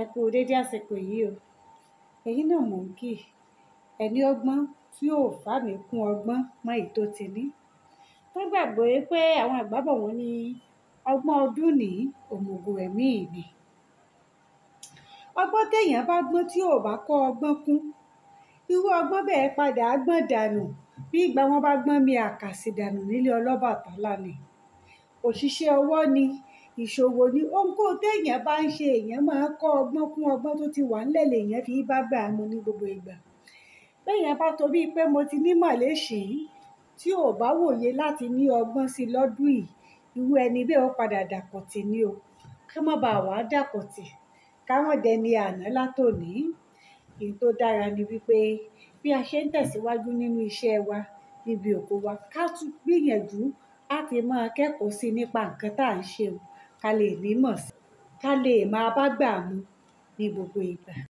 Ẹ kú dédé àsìkò yìí o. Ẹ̀yin náà mò ń kí. Ẹni ọgbọ́n tí ò fà mí kún ọgbọ́n mọ èyí tó ti ní. Wọ́n gbàgbọ́ wípé àwọn àgbà bọ̀ wọ́n ní ọgbọ́n ọdún ní òmùgò ẹ̀mí ìní. Ọgbọ́n tí èèyàn bá gbọ́n tí ò bá kọ́ ọgbọ́n kún, irú ọgbọ́n bẹ́ẹ̀ padà á gbọ́n dànù. Bí ìgbà wọ́n bá gbọ́n mi àkàsì dànù nílé ọlọ́bàtálá ni. Òṣìṣẹ́ ọwọ́ ni, ìṣòwò ni ohunkóhun téèyàn bá ń ṣe èèyàn máa kọ́ ọgbọ́n kún ọgbọ́n tó ti wà ńlẹ̀ lèèyàn fi bá gbà mu ní gbogbo ìgbà béèyàn bá torí pé mo ti ní mọ̀lẹ́ tí ò bá wòye láti ní ọgbọ́n sí lọ́dún yìí irú ẹni bẹ́ẹ̀ ó padà dàkọ̀tì ni o ká má bàa wá dàkọ̀tì ká má dẹni àná látòní èyí tó dára ni wípé bí a ṣe ń tẹ̀síwájú nínú iṣẹ́ wa níbi òkú wa ká tún gbìyànjú láti máa kẹ́kọ̀ọ́ sí nípa nǹkan tá à ń ṣe o ká lè nímọ̀ sí i ká lè máa bágbà mu ní gbogbo ìgbà